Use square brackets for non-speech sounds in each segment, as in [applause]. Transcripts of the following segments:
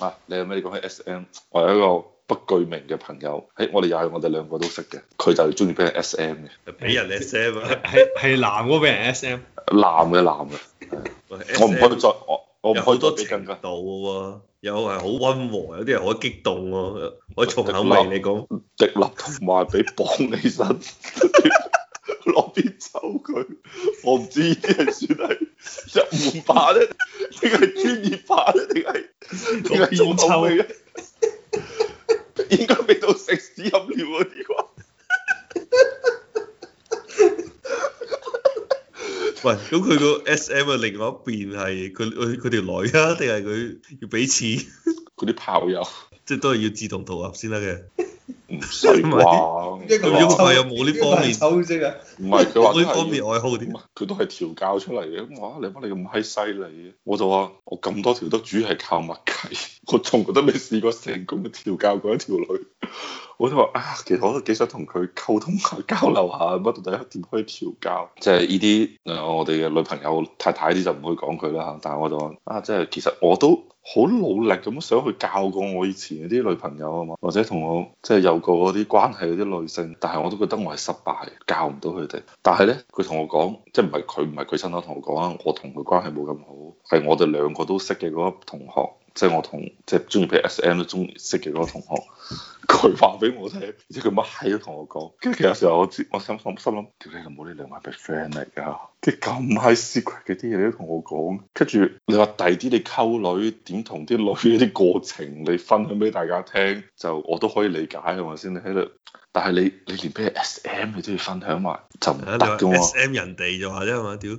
啊！你有咩？你講起 SM，我有一個不具名嘅朋友，誒、哎，我哋又係我哋兩個都識嘅，佢就中意俾人 SM 嘅 [laughs] 俾人 SM，係係男嘅俾人 SM，男嘅男嘅，我唔可以再我唔有好多程度嘅、啊、喎，有係好溫和，有啲人好激動、啊，我重口味你講，滴蠟同埋俾綁起身。 [laughs] [laughs] 攞邊抽佢？我唔知依啲人算係 [laughs] 入門派咧，定係專業派咧，定係點解要抽咧？應該俾到食屎飲尿嗰啲啩？ [laughs] 喂，咁佢個 SM 嘅另外一邊係佢佢佢條女啊，定係佢要俾錢？佢 [laughs] 啲炮友，即係都係要志同道合先得嘅。唔使話，佢要求有冇呢方面修飾啊？唔係佢話呢方面愛好點？佢都係調教出嚟嘅。咁哇！你乜你咁閪犀利嘅？我就話我咁多條都主要係靠默契，我從來都未試過成功去調教過一條女。我都話啊，其實我都幾想同佢溝通下、交流下，咁到底點可以調教？即係呢啲誒，我哋嘅女朋友、太太啲就唔可以講佢啦吓。但係我就話啊，即係其實我都好努力咁想去教過我以前啲女朋友啊嘛，或者同我即係、就是、有過嗰啲關係嗰啲女性，但係我都覺得我係失敗，教唔到佢哋。但係呢，佢同我講，即係唔係佢，唔係佢親口同我講啊，我同佢關係冇咁好，係我哋兩個都識嘅嗰個同學。即係我同即係中意俾 S M 都中意識嘅嗰個同學，佢話俾我聽、即係，而且佢乜閪都同我講。跟住其實有時候，我我心心心諗條氣就冇你兩位 best friend 嚟噶。跟住咁閪 secret 嘅啲嘢你都同我講，跟住你話第二啲你溝女點同啲女啲過程你分享俾大家聽，就我都可以理解係咪先看看你？你喺度，但係你你連俾 S M 你都要分享埋，就唔得噶喎。S M 人哋就話啫嘛，屌！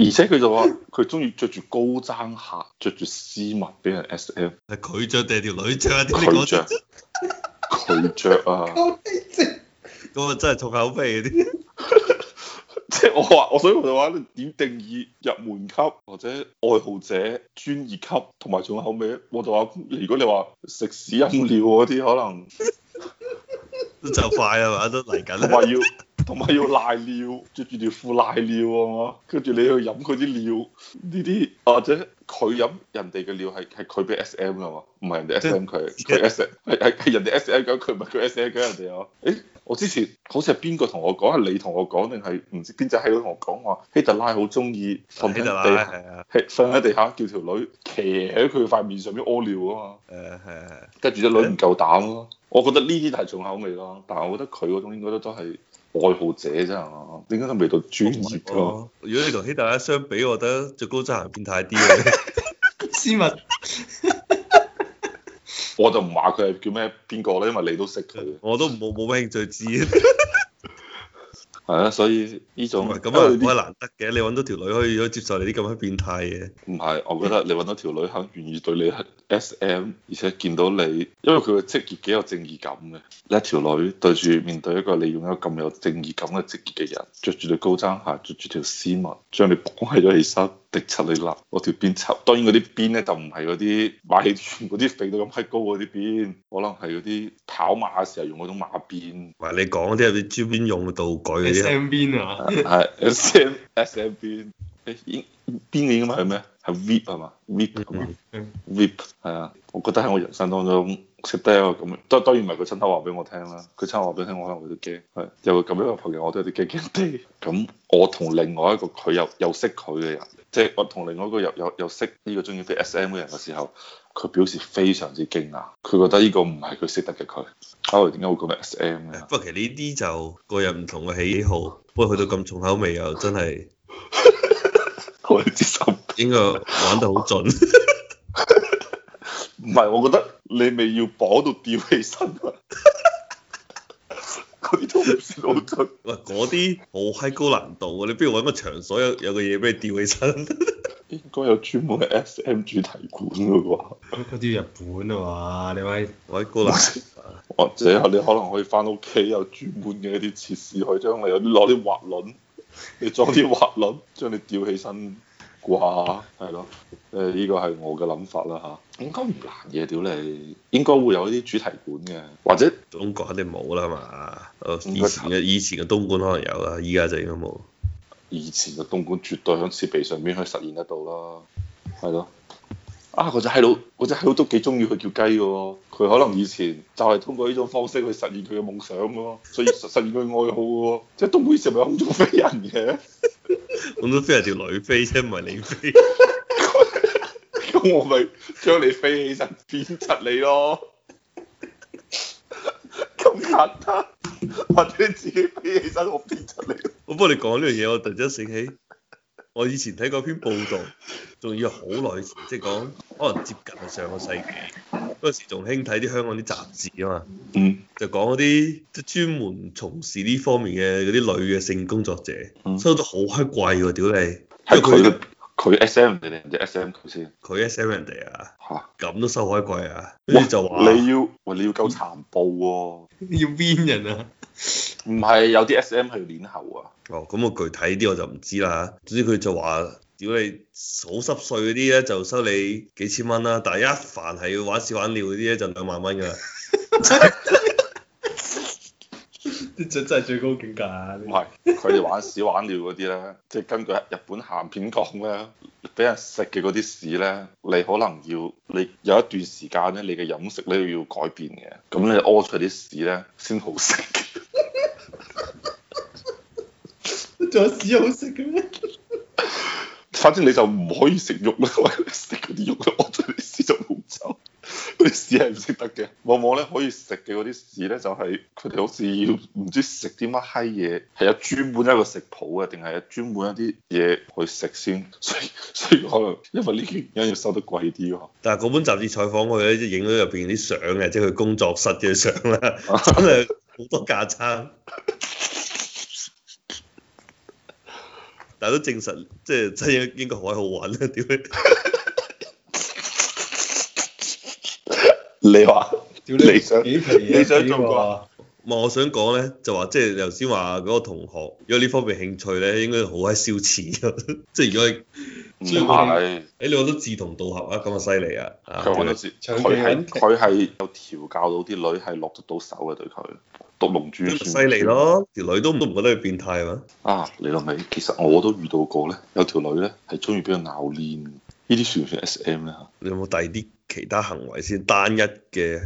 而且佢就話佢中意着住高踭鞋，着住絲襪俾人、SM、S M，係佢着定係條女着啊？佢着，佢着啊！咁啊真係重口味嗰啲，即係 [laughs] 我話我想以我話你點定義入門級或者愛好者專業級同埋重口味，我就話如果你話食屎飲尿嗰啲可能 [laughs] 就快啊，嘛都嚟緊啦。同埋 [laughs] 要瀨尿，着住條褲瀨尿啊嘛，跟住你去飲佢啲尿，呢啲或者佢飲人哋嘅尿係係佢俾 S M 噶嘛，唔係人哋 S M 佢佢 S M，係人哋 S M 咁，佢唔係佢 S M 咁人哋啊。誒，我之前好似係邊個同我講，係你同我講定係唔知邊隻喺度同我講話希特拉好鍾意同人哋，係啊，係瞓喺 [laughs] [laughs] 地下叫條女騎喺佢塊面上邊屙尿啊嘛。誒係係。跟住啲女唔夠膽咯、啊。我覺得呢啲都係重口味咯，但係我覺得佢嗰種應該都都係。愛好者啫，點解都未到專業，oh my God，如果你同希特拉相比，我覺得最高質行變態啲嘅 SM，我就唔話佢係叫咩邊個啦，因為你都識佢。 [laughs] 我都冇冇咩興趣知。係 [laughs] [laughs] 啊，所以呢種咁啊，好難得嘅，你揾到條女可以接受你啲咁樣變態嘅。唔係，我覺得你揾到條女肯願意對你係。 [laughs] [laughs] S M，而且見到你，因為佢個職業幾有正義感嘅，你一條女對住面對一個你用一個咁有正義感嘅職業嘅人，着住對高踭鞋，着住條絲襪，將你綁喺咗起身，滴插你立，嗰條鞭插，當然嗰啲鞭咧就唔係嗰啲馬戲團嗰啲肥到咁閪高嗰啲鞭，可能係嗰啲跑馬嘅時候用嗰種馬鞭，唔你講嗰啲係啲專業用嘅道具。S M 鞭啊，係 S M S, [laughs] M、哎、鞭，鞭影啊嘛係咩？係 Vip 係嘛，Vip 啊嘛，Vip 係啊，我覺得喺我人生當中識得一個咁，當然唔係佢親口話俾我聽啦，佢親口話俾我聽，我可能會驚，係又咁樣嘅朋友，我都有啲驚驚哋。咁我同另外一個佢又又識佢嘅人，即、就、係、是、我同另外一個又又又識呢個中意啲 SM 嘅人嘅時候，佢表示非常之驚訝，佢覺得呢個唔係佢識得嘅佢。阿雷點解會講到 SM 咧？不過其實呢啲就個人唔同嘅喜好，不過去到咁重口味又、啊、真係， [laughs] 我接受。應該玩得好準， [laughs] 唔係我覺得你咪要綁到吊起身啦。嗰啲 [laughs] 都唔算好準。喂，嗰啲好嗨高難度，你不如搵個場所有有個嘢俾你吊起身。 [laughs] 應該有專門嘅 SM 主題館嘅嗰啲日本啊嘛，你咪喂高難，或者你可能可以翻屋企有專門嘅一啲設施，可以將你有啲攞啲滑輪，你裝啲滑輪將你吊起身。哇，係咯，誒、呃、呢、這個係我嘅諗法啦嚇、啊，應該唔難嘢屌你，應該會有啲主題館嘅，或者東莞肯定冇啦嘛，以前嘅以前嘅東莞可能有啦，依家就應該冇。以前嘅東莞絕對喺設備上面可以實現得到啦，係咯。啊！嗰隻閪佬，隻閪佬都幾中意佢叫雞嘅喎、哦。佢可能以前就係通過呢種方式去實現佢嘅夢想咯，所以實，實現佢愛好喎、哦。即係東妹成日咪空中飛人嘅，空中飛人條女飛啫，唔係你飛。咁、 [laughs] [laughs] 嗯、我咪將你飛起身變質你咯，咁 [laughs] 簡單。或者自己飛起身我變質你。 [laughs] 我幫你講呢樣嘢，我突然之間醒起，我以前睇過篇報道，仲要好耐前，即係講。 [laughs] 可能接近喺上個世紀，嗰陣時仲興睇啲香港啲雜誌啊嘛，嗯、就講嗰啲即係專門從事呢方面嘅嗰啲女嘅性工作者，嗯、收得好閪貴喎屌你，係佢佢 S M 定定唔知 S M 佢先，佢 S M 人哋啊嚇，咁麼都收好閪貴啊，跟住哇就話你要喂你要夠殘暴喎、啊，要鞭人啊，唔係有啲 S M 係要鍊喉啊，哦咁啊具體啲我就唔知啦嚇，總之佢就話。如果你好濕碎嗰啲咧，就收你幾千蚊啦。但係一凡係要玩屎玩尿嗰啲咧，就兩萬蚊噶啦。 [laughs] [laughs] 你真係最高境界。唔係是，佢哋 [laughs] 玩屎玩尿嗰啲咧，即係根據日本鹹片講咧，俾人食嘅嗰啲屎咧，你可能要你有一段時間咧，你嘅飲食咧要改變嘅。咁你屙出啲屎咧，先好食。仲有屎好食嘅咩？反正你就唔可以食肉咯，食嗰啲肉都屙咗啲屎就冇走，啲屎係唔食得嘅。往往咧可以食嘅嗰啲屎咧，就係佢哋好似要唔知食啲乜閪嘢，係有專門一個食譜呀，定係有專門一啲嘢去食先。所以所以可能因為呢啲原因要收得貴啲。但係嗰本雜誌採訪佢咧，影咗入邊啲相嘅，即係佢工作室嘅相啦，真係好多架撐。但都證實，即係真係應該好閪好玩咧！點樣？ [laughs] 你話？你想點你想中啩？唔係、嗯、我想講咧，就話即係頭先話嗰個同學有呢方面興趣咧，應該好喺燒錢。即係如果唔怕你，是哎，你覺得志同道合啊？咁啊犀利啊！佢幾佢喺佢係有調教到啲女係落得到手嘅對佢。讀龍鑽犀利咯，條女都都唔覺得佢變態係啊，你諗吓，其實我都遇到過咧，有條女咧係中意俾佢咬鏈，算算呢啲算唔算 S M 咧？你有冇第啲其他行為先？單一嘅，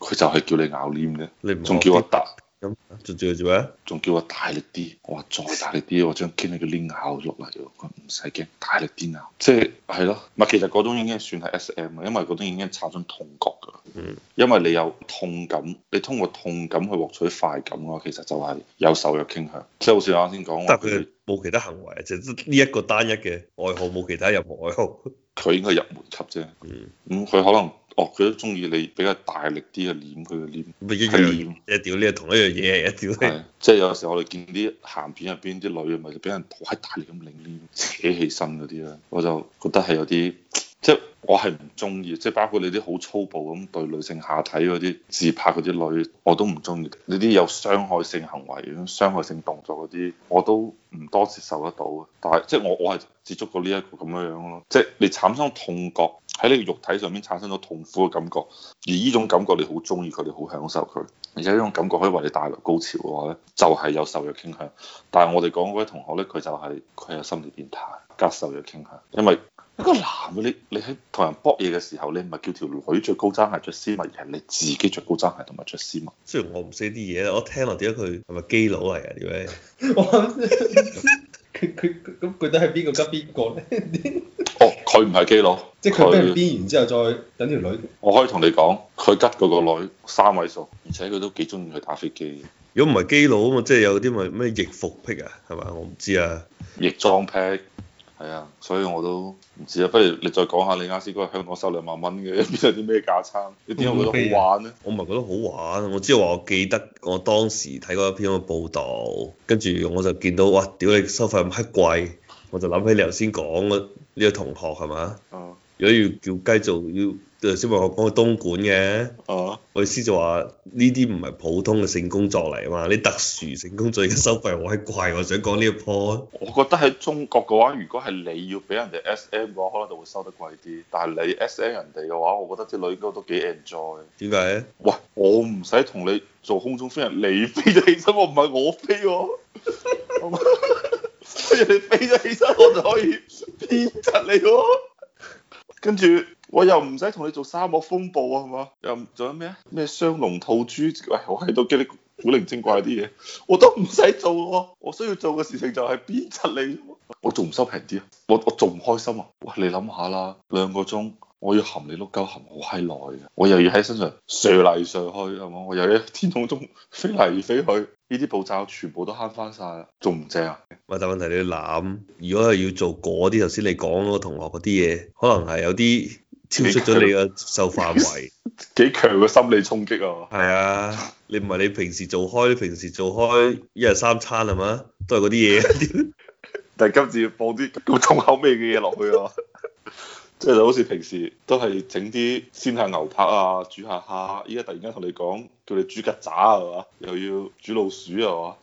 佢就係叫你咬鏈嘅。你仲叫我打。啊咁仲叫佢做咩？仲叫我大力啲，我話再大力啲，我將堅起個鏈咬落嚟。佢唔使驚，大力啲咬，即係係咯。唔其實嗰種已經算係 SM 啊，因為嗰種已經產生痛覺噶。嗯。因為你有痛感，你通過痛感去獲取快感嘅話，其實就係有受虐傾向。即係好似我啱先講。但係佢冇其他行為，就呢一個單一嘅愛好，冇其他任何愛好。佢應該入門級啫。嗯，嗯。咁佢可能。哦，佢都中意你比較大力啲嘅攣，佢嘅攣，一樣，一屌呢係同一樣嘢一屌，即係有時我哋見啲鹹片入邊啲女咪就俾人好大力咁攣，扯起身嗰啲咧，我就覺得係有啲，即係我係唔中意，即係包括你啲好粗暴咁對女性下體嗰啲自拍嗰啲女，我都唔中意，你啲有傷害性行為、傷害性動作嗰啲，我都唔多接受得到。但係即係我我係接觸過呢一個咁樣樣咯，即係你產生痛覺。喺你嘅肉體上面產生咗痛苦嘅感覺，而呢種感覺你好中意佢，你好享受佢，而且呢種感覺可以為你帶來高潮嘅話咧，就係有受虐傾向。但係我哋講嗰位同學咧，佢就係佢有心理變態加受虐傾向，因為一個男嘅你你喺同人搏嘢嘅時候，你唔係叫條女着高踭鞋着絲襪，而係你自己着高踭鞋同埋着絲襪。雖然我唔識啲嘢，我聽落點解佢係咪基佬嚟啊？點解？我諗佢佢咁到底係邊個跟邊個咧？ [laughs] 佢唔係基佬，即係佢跟然之後再等條女。我可以同你講，佢吉嗰個女三位數，而且佢都幾中意去打飛機。如果唔係基佬啊嘛，即係有啲咪咩異服癖啊，係咪？我唔知啊。異裝癖係啊，所以我都唔知啊。不如你再講下你啱先嗰香港收兩萬蚊嘅，有啲咩架撐？你點解覺得好玩咧？啊、我唔係覺得好玩，我只係話我記得我當時睇過一篇嘅報導，跟住我就見到哇！屌你收費咁黑貴，我就諗起你頭先講呢個同學係嘛？哦，如果要叫繼續要小同學講去東莞嘅，哦、uh，我意思就話呢啲唔係普通嘅性工作嚟啊嘛，你特殊性工作而家收費好鬼貴，我想講呢個 point。我覺得喺中國嘅話，如果係你要俾人哋 SM 嘅話，可能就會收得貴啲。但係你 SM 人哋嘅話，我覺得啲女都都幾 enjoy。點解？喂，我唔使同你做空中飛人，你飛咗起身，我唔係我飛、啊，所以你飛咗起身，我就可以。編輯嚟咯，跟住我又唔使同你做沙漠風暴啊，係嘛？又仲有咩啊？咩雙龍吐珠？喂、哎，我喺度激啲古靈精怪啲嘢，我都唔使做喎、啊。我需要做嘅事情就係編輯你，我仲唔收平啲啊？我我仲唔開心啊？喂，你諗下啦，兩個鐘。我要含你碌鳩含好閪耐嘅，我又要喺身上射嚟射去，係嘛？我又要天空中飛嚟飛去，呢啲步驟全部都慳翻晒，仲唔正啊？喂，但係問題你要諗，如果係要做嗰啲，頭先你講嗰個同學嗰啲嘢，可能係有啲超出咗你嘅接受範圍，幾強嘅心理衝擊啊！係啊，你唔係你平時做開，平時做開一日三餐係嘛？都係嗰啲嘢， [laughs] [laughs] 但係今次要放啲咁重口味嘅嘢落去啊！即係就好似平時都係整啲煎下牛扒啊，煮下蝦。依家突然間同你講叫你煮曱甴係嘛，又要煮老鼠係咪啊！是吧？